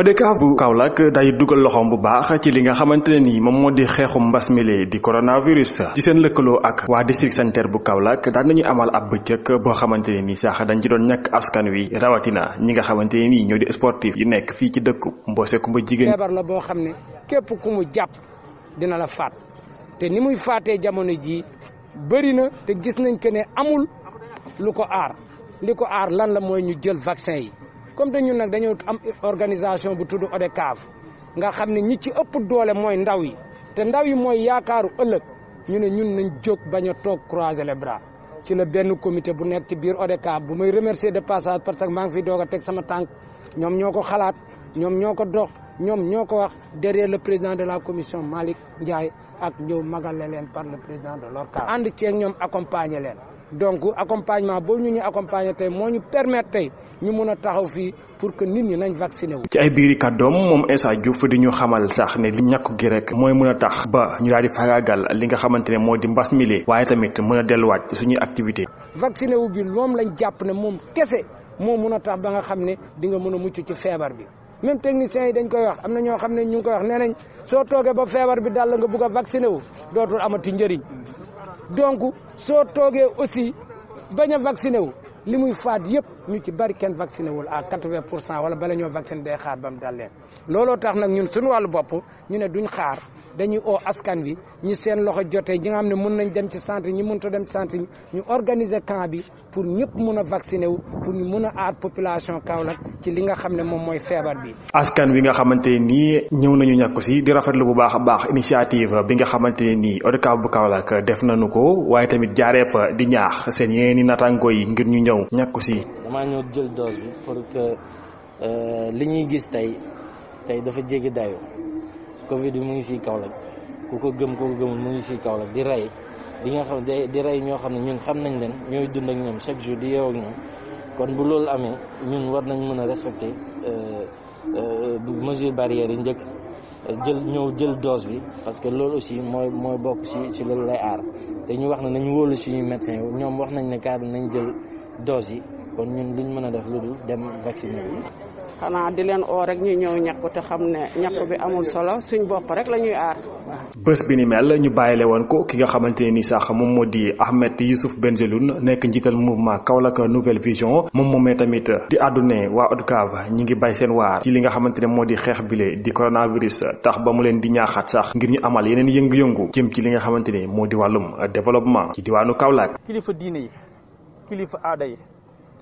ODCAV bu Kaolack day dugal loxoom bu baax ci li nga xamante ne nii moom moo di xeexu mbas mile di coronavirus ci seen lëkkaloo ak waa district sanitaire bu Kaolack daan nañu amal ab bëccëg boo xamante ne nii sax dañ ci doon ñàkk askan wi rawatina ñi nga xamante ne nii ñoo di sportif yu nekk fii ci dëkku Mbose Kumba jigéen. feebar la boo xam ne képp ku mu jàpp dina la faat te ni muy faatee jamono jii bëri na te gis nañ que ne amul lu ko aar li ko aar lan la mooy ñu jël vaccin yi. comme dañu nag dañoo am organisation bu tudd ODCAV nga xam ne ñi ci ëpp doole mooy ndaw yi te ndaw yi mooy yaakaaru ëllëg ñu ne ñun nañ jóg bañ a toog croiser les bras ci la benn comité bu nekk ci biir ODCAV bu may remercier de passage parce que maa ngi fi doog a teg sama tànk ñoom ñoo ko xalaat ñoom ñoo ko dox ñoom ñoo ko wax derrière le président de la commission Malick Ndiaye ak ñëw magale leen par le président de l'ORCAV ànd ceeg ñoom accompagner leen donc accompagnement boobu ñu ñu accompagner tey moo ñu permettre tey ñu mën a taxaw fii pour que nit ñi nañ vacciné wu. ci ay biir biiri doom moom Essa Diouf di ñu xamal sax ne li ñàkku gi rek mooy mën a tax ba ñu daal di fagaagal li nga xamante ne moo di mbas mile waaye tamit mën a delluwaat ci suñuy activité vacciné wu bi moom lañ jàpp ne moom kese moo mën a tax ba nga xam ne di nga mën a mucc ci feebar bi. même techniciens yi dañ koy wax am na ñoo xam ne ñu ngi koy wax nee nañ soo toogee ba feebar bi dal nga bugg a vacciné wu dootul amati njëriñ donc soo toogee aussi bañ a vacciné wu li muy faat yëpp ñu ci bari kenn vacciné wul à quatre-vingt pour cent wala bala ñoo vacciné day xaar ba mu dal leen looloo tax nag ñun suñu wàllu bopp ñu ne duñ xaar dañuy oo askan wi ñi seen loxo jotee ñi nga xam ne mën nañ dem ci centre ñi mënut dem ci centre ñu organiser camp bi pour ñëpp mën a vacciner wu pour ñu mun a aar population Kaolack ci li nga xam ne moom mooy feebar bi. askan wi nga xamante nii ñëw nañu ñàkk si di rafetlu bu baax a baax initiative bi nga xamante ne nii ODCAV bu Kaolack def nañu ko waaye tamit jaaree fa di ñaax seen yeneen i natango yi ngir ñu ñëw ñàkk si. damaa ñëw jël dose bi pour que euh, li ñuy gis tey tey dafa jéggi dayo Covid bi mu ngi si Kaolack ku ko gëm ku ko gëmul mu ngi si Kaolack di rey di nga xam di rey ñoo xam ne ñun xam nañ leen ñooy dund ak ñoom chaque jour di yeew ak ñoom kon bu loolu amee ñun war nañ mën a respecter euh, euh, mesure barrière yi njëkk jël ñëw jël dose bi parce que loolu aussi mooy mooy bokk ci loolu lay aar te ñu wax ne nañ wóolu suñuy médecin yi ñoom wax nañ ne carrément nañ jël dose yi kon ñun luñ mën a def lu dul dem vacciner bi xanaa di leen oo rek ñu ñëw ñàkku te xam ne ñàkku bi amul solo suñ bopp rek la aar bés bi ni mel ñu bàyyile woon ko ki nga xamante ne ni sax moom moo di Ahmed Youssouf Benjeloun nekk njiital mouvement Kaolack Nouvelle Vision moom moom tamit di àddune waa ODCAV ñi ngi bay seen waar ci li nga xamante ne moo di xeex bile di coronavirus tax ba mu leen di ñaaxaat sax ngir ñu amal yeneen yëngu-yëngu jëm ci li nga xamante ne moo di wàllum développement ci diwaanu Kaolack.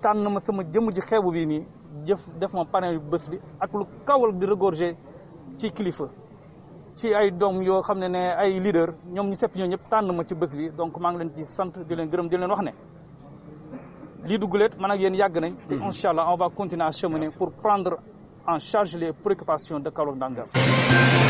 tànn ma sama jëmm ji xeebu bi nii jëf def ma parrain bés bi ak lu kawal di regorger ci kilifa ci ay doom yoo xam ne ne ay leader ñoom ñu sepp ñoo ñëpp tànn ma ci bés bi donc maa ngi leen ci sant di leen gërëm di leen wax ne lii dugguleet man ak yéen yàgg nañ te hmm. incha allah on va continuer à cheminer pour prendre en charge les préoccupations de Kaolack Ndangar